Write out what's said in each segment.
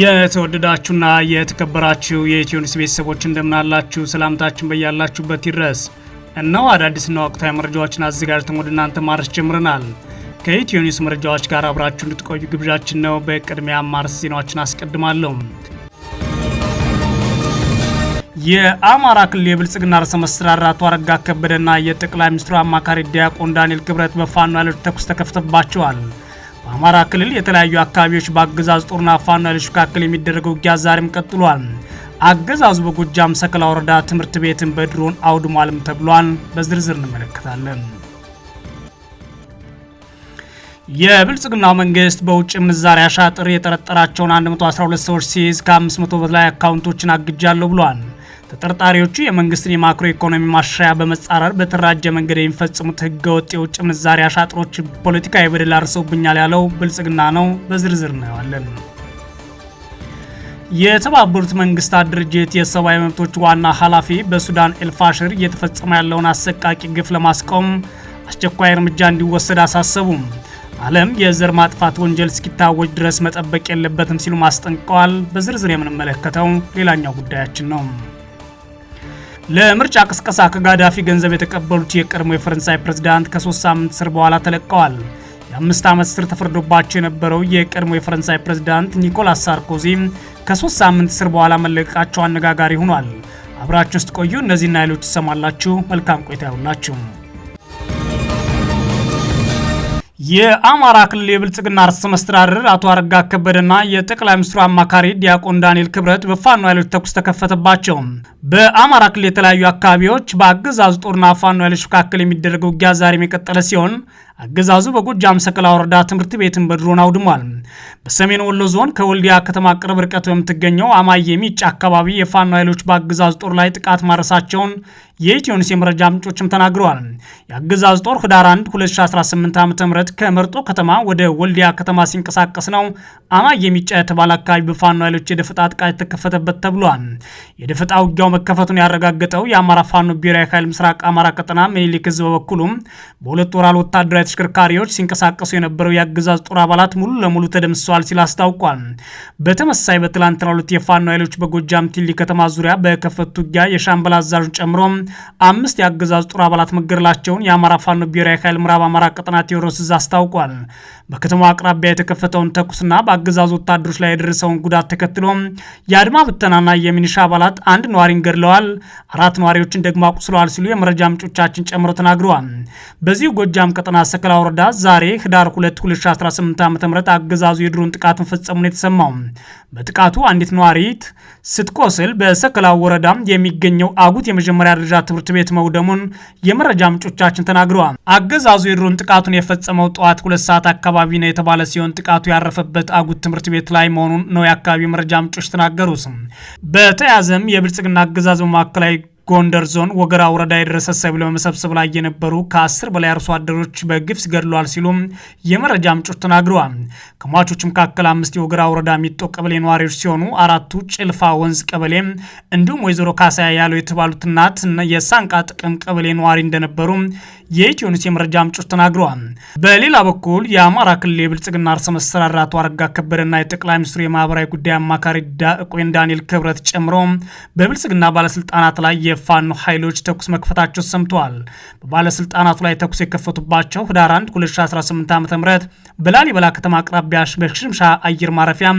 የተወደዳችሁና የተከበራችሁ የኢትዮኒስ ቤተሰቦች እንደምናላችሁ ሰላምታችን በያላችሁበት ይድረስ። እነሆ አዳዲስና ወቅታዊ መረጃዎችን አዘጋጅተን ወደ እናንተ ማድረስ ጀምረናል። ከኢትዮኒስ መረጃዎች ጋር አብራችሁ እንድትቆዩ ግብዣችን ነው። በቅድሚያ ማርስ ዜናዎችን አስቀድማለሁ። የአማራ ክልል የብልጽግና ርዕሰ መስተዳድር አቶ አረጋ ከበደና የጠቅላይ ሚኒስትሩ አማካሪ ዲያቆን ዳንኤል ክብረት በፋኖ ያለው ተኩስ ተከፍተባቸዋል። በአማራ ክልል የተለያዩ አካባቢዎች በአገዛዝ ጦርና ፋኖ ኃይሎች መካከል የሚደረገው ውጊያ ዛሬም ቀጥሏል። አገዛዙ በጎጃም ሰከላ ወረዳ ትምህርት ቤትን በድሮን አውድሟልም ተብሏል። በዝርዝር እንመለከታለን። የብልጽግናው መንግስት በውጭ ምንዛሪ አሻጥር የጠረጠራቸውን 112 ሰዎች ሲይዝ ከ500 በላይ አካውንቶችን አግጃለሁ ብሏል። ተጠርጣሪዎቹ የመንግስትን የማክሮ ኢኮኖሚ ማሻያ በመጻረር በተራጀ መንገድ የሚፈጽሙት ህገወጥ የውጭ ምንዛሪ አሻጥሮች ፖለቲካዊ በደል አርሰውብኛል ያለው ብልጽግና ነው። በዝርዝር እናየዋለን። የተባበሩት መንግስታት ድርጅት የሰብአዊ መብቶች ዋና ኃላፊ በሱዳን ኤልፋሽር እየተፈጸመ ያለውን አሰቃቂ ግፍ ለማስቆም አስቸኳይ እርምጃ እንዲወሰድ አሳሰቡም። ዓለም የዘር ማጥፋት ወንጀል እስኪታወጅ ድረስ መጠበቅ የለበትም ሲሉ ማስጠንቀዋል። በዝርዝር የምንመለከተው ሌላኛው ጉዳያችን ነው። ለምርጫ ቅስቀሳ ከጋዳፊ ገንዘብ የተቀበሉት የቀድሞ የፈረንሳይ ፕሬዝዳንት ከሶስት ሳምንት እስር በኋላ ተለቀዋል። የአምስት ዓመት እስር ተፈርዶባቸው የነበረው የቀድሞ የፈረንሳይ ፕሬዝዳንት ኒኮላስ ሳርኮዚ ከሶስት ሳምንት እስር በኋላ መለቀቃቸው አነጋጋሪ ሆኗል። አብራችሁ ውስጥ ቆዩ። እነዚህና ሌሎች ይሰማላችሁ። መልካም ቆይታ ይሁንላችሁ። የአማራ ክልል የብልጽግና ርዕሰ መስተዳድር አቶ አረጋ ከበደና የጠቅላይ ሚኒስትሩ አማካሪ ዲያቆን ዳንኤል ክብረት በፋኖ ኃይሎች ተኩስ ተከፈተባቸው። በአማራ ክልል የተለያዩ አካባቢዎች በአገዛዙ ጦርና ፋኖ ኃይሎች መካከል የሚደረገው ውጊያ ዛሬም የቀጠለ ሲሆን አገዛዙ በጎጃም ሰቀላ ወረዳ ትምህርት ቤትን በድሮን አውድሟል። በሰሜን ወሎ ዞን ከወልዲያ ከተማ ቅርብ ርቀት በምትገኘው አማየ ሚጫ አካባቢ የፋኖ ኃይሎች በአገዛዙ ጦር ላይ ጥቃት ማድረሳቸውን የኢትዮኒስ የመረጃ ምንጮችም ተናግረዋል። የአገዛዙ ጦር ህዳር 1 2018 ዓ ም ከመርጦ ከተማ ወደ ወልዲያ ከተማ ሲንቀሳቀስ ነው አማየ ሚጫ የተባለ አካባቢ በፋኖ ኃይሎች የደፈጣ ጥቃት የተከፈተበት ተብሏል። የደፈጣ ውጊያው መከፈቱን ያረጋገጠው የአማራ ፋኖ ብሔራዊ ኃይል ምስራቅ አማራ ቀጠና ምኒልክ ህዝብ በበኩሉም በሁለት ወራል ወታደራዊ ተሽከርካሪዎች ሲንቀሳቀሱ የነበረው የአገዛዝ ጦር አባላት ሙሉ ለሙሉ ተደምስሰዋል ሲል አስታውቋል። በተመሳይ በትላንትና ሁለት የፋኖ ኃይሎች በጎጃም ቲሊ ከተማ ዙሪያ በከፈቱት ውጊያ የሻምበል አዛዥን ጨምሮ አምስት የአገዛዝ ጦር አባላት መገደላቸውን የአማራ ፋኖ ብሔራዊ ኃይል ምዕራብ አማራ ቀጠና ቴዎድሮስ ዕዝ አስታውቋል። በከተማ አቅራቢያ የተከፈተውን ተኩስና በአገዛዝ ወታደሮች ላይ የደረሰውን ጉዳት ተከትሎ የአድማ ብተናና የሚኒሻ አባላት አንድ ነዋሪን ገድለዋል፣ አራት ነዋሪዎችን ደግሞ አቁስለዋል ሲሉ የመረጃ ምንጮቻችን ጨምሮ ተናግረዋል። በዚሁ ጎጃም ቀጠና ሰከላ ወረዳ ዛሬ ህዳር 2 2018 ዓ ም አገዛዙ የድሮን ጥቃት መፈጸሙን የተሰማው። በጥቃቱ አንዲት ነዋሪት ስትቆስል በሰከላ ወረዳ የሚገኘው አጉት የመጀመሪያ ደረጃ ትምህርት ቤት መውደሙን የመረጃ ምንጮቻችን ተናግረዋል። አገዛዙ የድሮን ጥቃቱን የፈጸመው ጠዋት ሁለት ሰዓት አካባቢ ነው የተባለ ሲሆን ጥቃቱ ያረፈበት አጉት ትምህርት ቤት ላይ መሆኑን ነው የአካባቢው መረጃ ምንጮች ተናገሩት። በተያያዘም የብልጽግና አገዛዝ በማዕከላዊ ጎንደር ዞን ወገራ ወረዳ የደረሰ ሰብል በመሰብሰብ ላይ የነበሩ ከአስር በላይ አርሶ አደሮች በግፍ ገድሏል ሲሉም የመረጃ ምንጮች ተናግረዋል። ከሟቾች መካከል አምስት የወገራ ወረዳ ሚጦ ቀበሌ ነዋሪዎች ሲሆኑ አራቱ ጭልፋ ወንዝ ቀበሌ እንዲሁም ወይዘሮ ካሳያ ያለው የተባሉት እናት የሳንቃ ጥቅም ቀበሌ ነዋሪ እንደነበሩ የኢትዮኒስ የመረጃ ምንጮች ተናግረዋል። በሌላ በኩል የአማራ ክልል የብልጽግና ርዕሰ መስተዳድር አቶ አረጋ ከበደና የጠቅላይ ሚኒስትሩ የማህበራዊ ጉዳይ አማካሪ ቆይን ዳንኤል ክብረት ጨምሮ በብልጽግና ባለስልጣናት ላይ የፋኖ ኃይሎች ተኩስ መክፈታቸው ሰምተዋል። በባለስልጣናቱ ላይ ተኩስ የከፈቱባቸው ህዳር 1 2018 ዓ ም በላሊበላ ከተማ አቅራቢያ በሽምሻ አየር ማረፊያ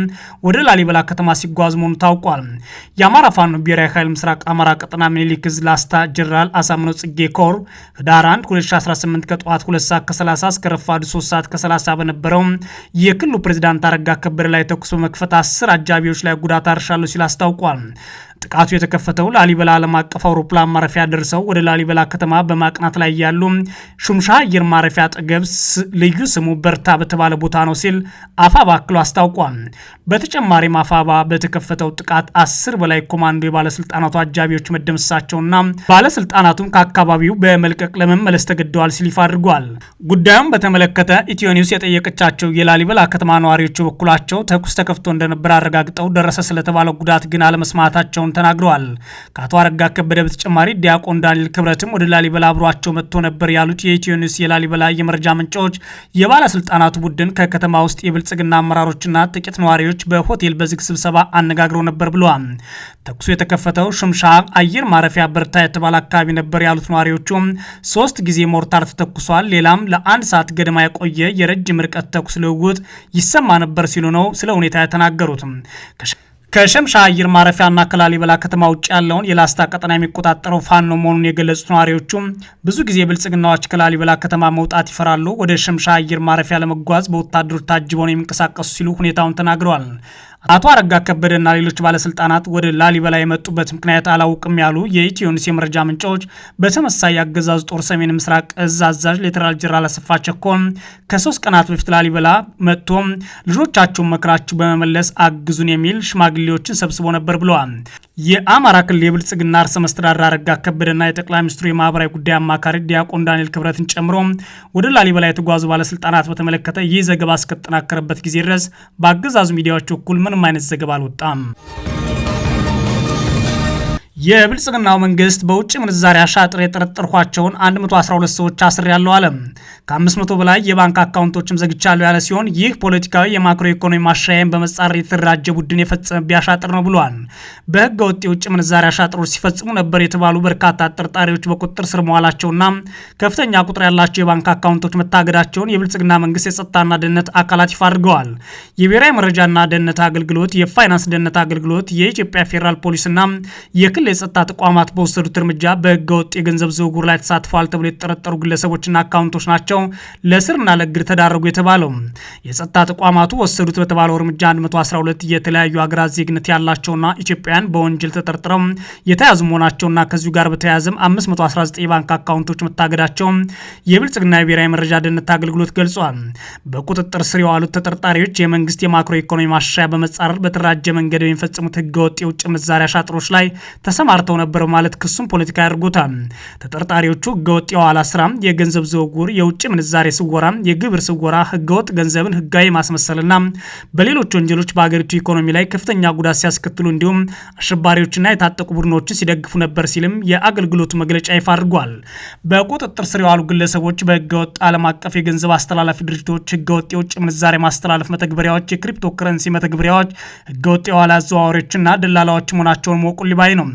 ወደ ላሊበላ ከተማ ሲጓዝ መሆኑ ታውቋል። የአማራ ፋኖ ብሔራዊ ኃይል ምስራቅ አማራ ቀጠና ምኒልክ ላስታ ጀነራል አሳምነው ጽጌ ኮር ህዳር 1 2018 ከጠዋት 2 ሰዓት ከ30 እስከ ረፋዱ 3 ሰዓት ከ30 በነበረው የክልሉ ፕሬዚዳንት አረጋ ከበደ ላይ ተኩስ በመክፈት አስር አጃቢዎች ላይ ጉዳት አርሻለሁ ሲል አስታውቋል። ጥቃቱ የተከፈተው ላሊበላ ዓለም አቀፍ አውሮፕላን ማረፊያ ደርሰው ወደ ላሊበላ ከተማ በማቅናት ላይ ያሉ ሹምሻ አየር ማረፊያ አጠገብ ልዩ ስሙ በርታ በተባለ ቦታ ነው ሲል አፋባ አክሎ አስታውቋል። በተጨማሪም አፋባ በተከፈተው ጥቃት አስር በላይ ኮማንዶ የባለስልጣናቱ አጃቢዎች መደመሰሳቸውና ባለስልጣናቱም ከአካባቢው በመልቀቅ ለመመለስ ተገደዋል ሲል ይፋ አድርጓል። ጉዳዩን በተመለከተ ኢትዮ ኒውስ የጠየቀቻቸው የላሊበላ ከተማ ነዋሪዎች በኩላቸው ተኩስ ተከፍቶ እንደነበር አረጋግጠው ደረሰ ስለተባለው ጉዳት ግን አለመስማታቸውን መሆኑን ተናግረዋል። ከአቶ አረጋ ከበደ በተጨማሪ ዲያቆን ዳንኤል ክብረትም ወደ ላሊበላ አብሯቸው መጥቶ ነበር ያሉት የኢትዮ ኒውስ የላሊበላ የመረጃ ምንጮች የባለስልጣናቱ ቡድን ከከተማ ውስጥ የብልጽግና አመራሮችና ጥቂት ነዋሪዎች በሆቴል በዝግ ስብሰባ አነጋግሮ ነበር ብለዋል። ተኩሱ የተከፈተው ሽምሻ አየር ማረፊያ በርታ የተባለ አካባቢ ነበር ያሉት ነዋሪዎቹም ሶስት ጊዜ ሞርታር ተተኩሷል፣ ሌላም ለአንድ ሰዓት ገደማ የቆየ የረጅም ርቀት ተኩስ ልውውጥ ይሰማ ነበር ሲሉ ነው ስለ ሁኔታ የተናገሩት። ከሸምሻ አየር ማረፊያና ከላሊበላ ከተማ ውጭ ያለውን የላስታ ቀጠና የሚቆጣጠረው ፋኖ መሆኑን የገለጹት ነዋሪዎቹም ብዙ ጊዜ ብልጽግናዎች ከላሊበላ ከተማ መውጣት ይፈራሉ፣ ወደ ሸምሻ አየር ማረፊያ ለመጓዝ በወታደሮች ታጅበው ነው የሚንቀሳቀሱ ሲሉ ሁኔታውን ተናግረዋል። አቶ አረጋ ከበደና ሌሎች ባለስልጣናት ወደ ላሊበላ የመጡበት ምክንያት አላውቅም ያሉ የኢትዮኒስ የመረጃ ምንጮች በተመሳይ የአገዛዙ ጦር ሰሜን ምስራቅ እዝ አዛዥ ሌተናል ጄኔራል አሰፋ ቸኮል ከሶስት ቀናት በፊት ላሊበላ መጥቶ ልጆቻቸውን መክራችሁ በመመለስ አግዙን የሚል ሽማግሌዎችን ሰብስቦ ነበር ብለዋል። የአማራ ክልል የብልጽግና ርዕሰ መስተዳድር አረጋ ከበደና የጠቅላይ ሚኒስትሩ የማህበራዊ ጉዳይ አማካሪ ዲያቆን ዳንኤል ክብረትን ጨምሮ ወደ ላሊበላ የተጓዙ ባለስልጣናት በተመለከተ ይህ ዘገባ እስከተጠናከረበት ጊዜ ድረስ በአገዛዙ ሚዲያዎች በኩል ምንም አይነት ዘገባ አልወጣም። የብልጽግናው መንግስት በውጭ ምንዛሪ አሻጥር የጠረጠርኳቸውን 112 ሰዎች አስሬያለሁ አለ። ከ500 በላይ የባንክ አካውንቶችም ዘግቻለሁ ያለ ሲሆን ይህ ፖለቲካዊ የማክሮ ኢኮኖሚ ማሻያን በመጻረር የተደራጀ ቡድን የፈጸመ ቢያሻጥር ነው ብሏል። በህገ ወጥ የውጭ ምንዛሪ አሻጥሮች ሲፈጽሙ ነበር የተባሉ በርካታ አጠርጣሪዎች በቁጥጥር ስር መዋላቸውና ከፍተኛ ቁጥር ያላቸው የባንክ አካውንቶች መታገዳቸውን የብልጽግና መንግስት የጸጥታና ደህንነት አካላት ይፋ አድርገዋል። የብሔራዊ መረጃና ደህንነት አገልግሎት፣ የፋይናንስ ደህንነት አገልግሎት፣ የኢትዮጵያ ፌዴራል ፖሊስና የክልል የጸጥታ ተቋማት በወሰዱት እርምጃ በህገ ወጥ የገንዘብ ዝውውር ላይ ተሳትፈዋል ተብሎ የተጠረጠሩ ግለሰቦችና አካውንቶች ናቸው ናቸው ለስርና ለእግር ተዳረጉ የተባለው። የጸጥታ ተቋማቱ ወሰዱት በተባለው እርምጃ 112 የተለያዩ ሀገራት ዜግነት ያላቸውና ኢትዮጵያውያን በወንጀል ተጠርጥረው የተያዙ መሆናቸውና ከዚሁ ጋር በተያያዘም 519 የባንክ አካውንቶች መታገዳቸው የብልጽግና የብሔራዊ መረጃ ደህንነት አገልግሎት ገልጿል። በቁጥጥር ስር የዋሉት ተጠርጣሪዎች የመንግስት የማክሮ ኢኮኖሚ ማሻያ በመጻረር በተደራጀ መንገድ የሚፈጽሙት ህገወጥ የውጭ ምዛሪያ አሻጥሮች ላይ ተሰማርተው ነበር ማለት ክሱም ፖለቲካ ያደርጉታል። ተጠርጣሪዎቹ ህገወጥ የዋላ ስራ፣ የገንዘብ ዝውውር፣ የውጭ የውጭ ምንዛሬ ስወራ፣ የግብር ስወራ፣ ህገወጥ ገንዘብን ህጋዊ ማስመሰልና በሌሎች ወንጀሎች በሀገሪቱ ኢኮኖሚ ላይ ከፍተኛ ጉዳት ሲያስከትሉ እንዲሁም አሸባሪዎችና የታጠቁ ቡድኖችን ሲደግፉ ነበር ሲልም የአገልግሎቱ መግለጫ ይፋ አድርጓል። በቁጥጥር ስር የዋሉ ግለሰቦች በህገወጥ ዓለም አቀፍ የገንዘብ አስተላላፊ ድርጅቶች፣ ህገወጥ የውጭ ምንዛሬ ማስተላለፍ መተግበሪያዎች፣ የክሪፕቶ ከረንሲ መተግበሪያዎች፣ ህገወጥ የኋላ አዘዋዋሪዎችና ደላላዎች መሆናቸውን መወቁል ሊባይ ነው።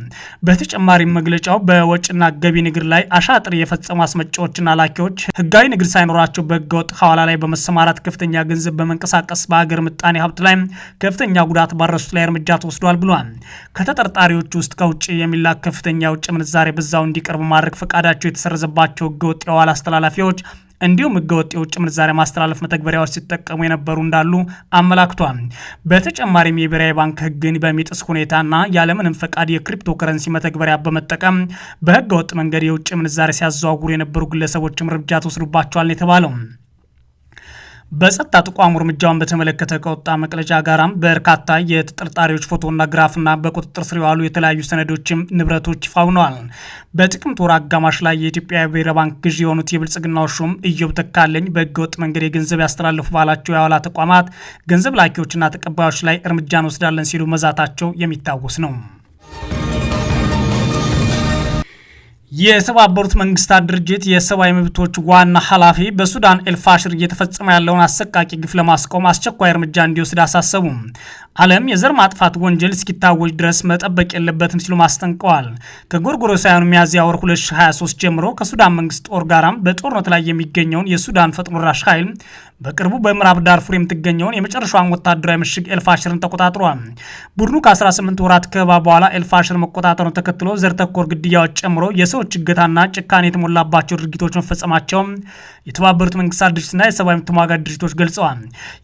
በተጨማሪም መግለጫው በወጭና ገቢ ንግድ ላይ አሻጥር የፈጸሙ አስመጪዎችና ላኪዎች ህጋዊ እግር ሳይኖራቸው በህገወጥ ሐዋላ ላይ በመሰማራት ከፍተኛ ገንዘብ በመንቀሳቀስ በሀገር ምጣኔ ሀብት ላይ ከፍተኛ ጉዳት ባረሱት ላይ እርምጃ ተወስዷል ብሏል። ከተጠርጣሪዎች ውስጥ ከውጭ የሚላክ ከፍተኛ ውጭ ምንዛሬ በዛው እንዲቀርብ ማድረግ ፈቃዳቸው የተሰረዘባቸው ህገወጥ የሐዋላ አስተላላፊዎች እንዲሁም ህገወጥ የውጭ ምንዛሬ ማስተላለፍ መተግበሪያዎች ሲጠቀሙ የነበሩ እንዳሉ አመላክቷል። በተጨማሪም የብሔራዊ ባንክ ህግን በሚጥስ ሁኔታና ያለምንም ፈቃድ የክሪፕቶ ከረንሲ መተግበሪያ በመጠቀም በህገወጥ መንገድ የውጭ ምንዛሬ ሲያዘዋውሩ የነበሩ ግለሰቦችም እርምጃ ተወስዱባቸዋል የተባለው በጸጥታ ተቋሙ እርምጃውን በተመለከተ ከወጣ መቅለጫ ጋራም በርካታ የተጠርጣሪዎች ፎቶና ግራፍና በቁጥጥር ስር የዋሉ የተለያዩ ሰነዶችም ንብረቶች ይፋ ሆነዋል። በጥቅምት ወር አጋማሽ ላይ የኢትዮጵያ ብሔራዊ ባንክ ግዢ የሆኑት የብልጽግናው ሹም ኢዮብ ተካልኝ በህገወጥ መንገድ የገንዘብ ያስተላለፉ ባላቸው የአዋላ ተቋማት ገንዘብ ላኪዎችና ተቀባዮች ላይ እርምጃ እንወስዳለን ሲሉ መዛታቸው የሚታወስ ነው። የተባበሩት መንግስታት ድርጅት የሰብአዊ መብቶች ዋና ኃላፊ በሱዳን ኤልፋሽር እየተፈጸመ ያለውን አሰቃቂ ግፍ ለማስቆም አስቸኳይ እርምጃ እንዲወስድ አሳሰቡ። ዓለም የዘር ማጥፋት ወንጀል እስኪታወጅ ድረስ መጠበቅ የለበትም ሲሉ አስጠንቅቀዋል። ከጎርጎሮሳውያኑ ሚያዝያ ወር 2023 ጀምሮ ከሱዳን መንግስት ጦር ጋራም በጦርነት ላይ የሚገኘውን የሱዳን ፈጥኖ ደራሽ ኃይል በቅርቡ በምዕራብ ዳርፉር የምትገኘውን የመጨረሻውን ወታደራዊ ምሽግ ኤልፋሽርን ተቆጣጥሯል። ቡድኑ ከ18 ወራት ከበባ በኋላ ኤልፋሽር መቆጣጠሩን ተከትሎ ዘር ተኮር ግድያዎች ጨምሮ የሰዎች እገታና ጭካኔ የተሞላባቸው ድርጊቶች መፈጸማቸው የተባበሩት መንግስታት ድርጅትና የሰብአዊ መብት ተሟጋጅ ድርጅቶች ገልጸዋል።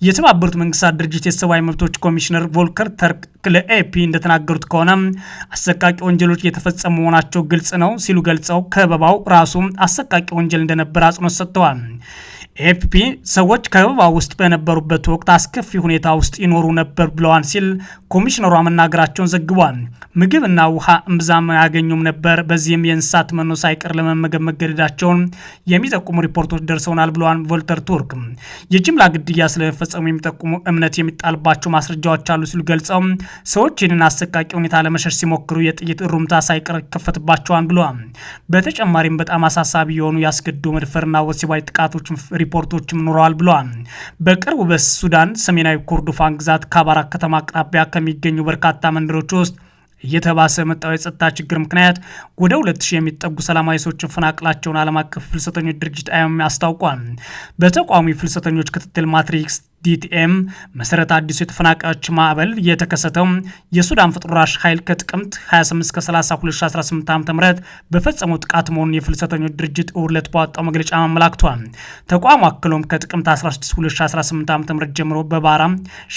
የተባበሩት መንግስታት ድርጅት የሰብአዊ መብቶች ኮሚሽነር ቮልከር ተርክ ለኤፒ እንደተናገሩት ከሆነ አሰቃቂ ወንጀሎች የተፈጸሙ መሆናቸው ግልጽ ነው ሲሉ ገልጸው ከበባው ራሱ አሰቃቂ ወንጀል እንደነበር አጽንኦት ሰጥተዋል። ኤፍፒ ሰዎች ከበባ ውስጥ በነበሩበት ወቅት አስከፊ ሁኔታ ውስጥ ይኖሩ ነበር ብለዋል ሲል ኮሚሽነሯ መናገራቸውን ዘግቧል። ምግብና ውሃ እምብዛም አያገኙም ነበር። በዚህም የእንስሳት መኖ ሳይቀር ለመመገብ መገደዳቸውን የሚጠቁሙ ሪፖርቶች ደርሰውናል ብለዋል ቮልተር ቱርክ። የጅምላ ግድያ ስለመፈጸሙ የሚጠቁሙ እምነት የሚጣልባቸው ማስረጃዎች አሉ ሲሉ ገልጸው ሰዎች ይህንን አሰቃቂ ሁኔታ ለመሸሽ ሲሞክሩ የጥይት እሩምታ ሳይቀር ይከፈትባቸዋል ብለዋል። በተጨማሪም በጣም አሳሳቢ የሆኑ ያስገድዶ መድፈርና ወሲባዊ ጥቃቶች ሪፖርቶችም ኑረዋል ብለዋል። በቅርቡ በሱዳን ሰሜናዊ ኮርዶፋን ግዛት ከአባራ ከተማ አቅራቢያ ከሚገኙ በርካታ መንደሮች ውስጥ እየተባሰ መጣው የጸጥታ ችግር ምክንያት ወደ 2000 የሚጠጉ ሰላማዊ ሰዎች መፈናቀላቸውን ዓለም አቀፍ ፍልሰተኞች ድርጅት አዮም አስታውቋል። በተቋሚ ፍልሰተኞች ክትትል ማትሪክስ ዲቲኤም መሰረት አዲሱ የተፈናቃዮች ማዕበል የተከሰተው የሱዳን ፈጥኖ ኃይል ከጥቅምት 28-30-2018 ዓ ም በፈጸመው ጥቃት መሆኑን የፍልሰተኞች ድርጅት እሁድ ዕለት ባወጣው መግለጫ አመላክቷል። ተቋሙ አክሎም ከጥቅምት 162018 ዓ ም ጀምሮ በባራ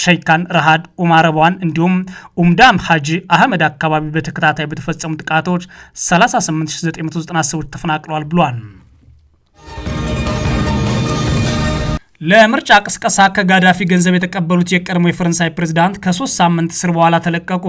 ሸይካን፣ ረሃድ፣ ኡማረቧን እንዲሁም ኡምዳም ሀጂ አህመድ አካባቢ በተከታታይ በተፈጸሙ ጥቃቶች 38990 ሰዎች ተፈናቅለዋል ብሏል። ለምርጫ ቅስቀሳ ከጋዳፊ ገንዘብ የተቀበሉት የቀድሞ የፈረንሳይ ፕሬዝዳንት ከሶስት ሳምንት እስር በኋላ ተለቀቁ።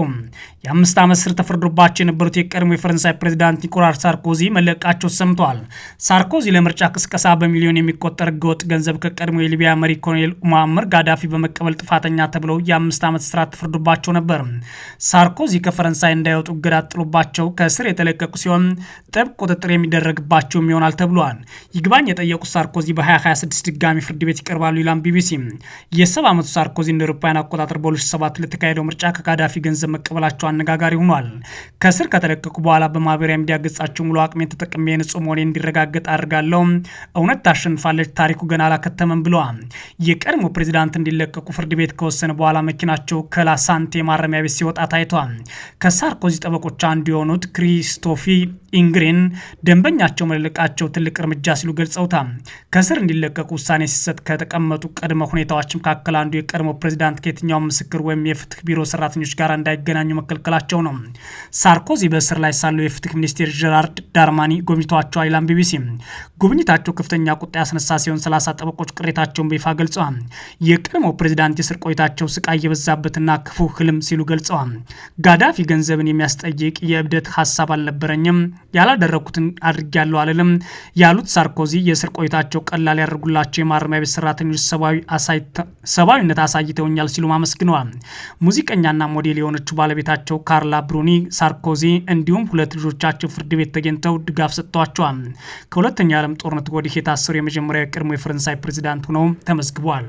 የአምስት ዓመት እስር ተፈርዶባቸው የነበሩት የቀድሞ የፈረንሳይ ፕሬዝዳንት ኒኮላስ ሳርኮዚ መለቃቸው ሰምተዋል። ሳርኮዚ ለምርጫ ቅስቀሳ በሚሊዮን የሚቆጠር ህገወጥ ገንዘብ ከቀድሞ የሊቢያ መሪ ኮሎኔል ሙአመር ጋዳፊ በመቀበል ጥፋተኛ ተብለው የአምስት ዓመት እስራት ተፈርዶባቸው ነበር። ሳርኮዚ ከፈረንሳይ እንዳይወጡ እገዳ ጥሎባቸው ከእስር የተለቀቁ ሲሆን ጥብቅ ቁጥጥር የሚደረግባቸውም ይሆናል ተብሏል። ይግባኝ የጠየቁት ሳርኮዚ በ2026 ድጋሚ ፍርድ ቤት ለፍርድ ይቀርባሉ ይላም ቢቢሲ። የሰባ ዓመቱ ሳርኮዚ እንደ አውሮፓውያን አቆጣጠር በ2007 ለተካሄደው ምርጫ ከጋዳፊ ገንዘብ መቀበላቸው አነጋጋሪ ሆኗል። ከስር ከተለቀቁ በኋላ በማህበራዊ ሚዲያ ገጻቸው ሙሉ አቅሜን ተጠቅሜ ንጹህ መሆኔ እንዲረጋገጥ አድርጋለሁ፣ እውነት ታሸንፋለች፣ ታሪኩ ገና አላከተመም ብለዋል። የቀድሞ ፕሬዚዳንት እንዲለቀቁ ፍርድ ቤት ከወሰነ በኋላ መኪናቸው ከላሳንቴ ማረሚያ ቤት ሲወጣ ታይቷል። ከሳርኮዚ ጠበቆች አንዱ የሆኑት ክሪስቶፊ ኢንግሬን ደንበኛቸው መልቀቃቸው ትልቅ እርምጃ ሲሉ ገልጸውታል። ከስር እንዲለቀቁ ውሳኔ ሲሰጥ ከተቀመጡ ቅድመ ሁኔታዎች መካከል አንዱ የቀድሞ ፕሬዚዳንት ከየትኛውም ምስክር ወይም የፍትህ ቢሮ ሰራተኞች ጋር እንዳይገናኙ መከልከላቸው ነው። ሳርኮዚ በእስር ላይ ሳለው የፍትህ ሚኒስቴር ጀራርድ ዳርማኒ ጎብኝቷቸው አይላም ቢቢሲ ጉብኝታቸው ከፍተኛ ቁጣ ያስነሳ ሲሆን ሰላሳ ጠበቆች ቅሬታቸውን በይፋ ገልጸዋል። የቀድሞ ፕሬዚዳንት የስር ቆይታቸው ስቃይ የበዛበትና ክፉ ህልም ሲሉ ገልጸዋል። ጋዳፊ ገንዘብን የሚያስጠይቅ የእብደት ሀሳብ አልነበረኝም ያላደረግኩትን ያለው አልልም ያሉት ሳርኮዚ የእስር ቆይታቸው ቀላል ያደርጉላቸው የማረሚያ ቤት ሰራተኞች ሰብአዊነት አሳይተውኛል ሲሉም አመስግነዋል። ሙዚቀኛና ሞዴል የሆነችው ባለቤታቸው ካርላ ብሩኒ ሳርኮዚ እንዲሁም ሁለት ልጆቻቸው ፍርድ ቤት ተገኝተው ድጋፍ ሰጥተዋቸዋል። ከሁለተኛው የዓለም ጦርነት ወዲህ የታሰሩ የመጀመሪያ የቀድሞ የፈረንሳይ ፕሬዚዳንት ሆነው ተመዝግቧል።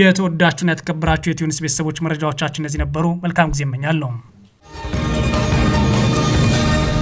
የተወዳችሁና የተከበራችሁ የትዩኒስ ቤተሰቦች መረጃዎቻችን እነዚህ ነበሩ። መልካም ጊዜ እመኛለሁ።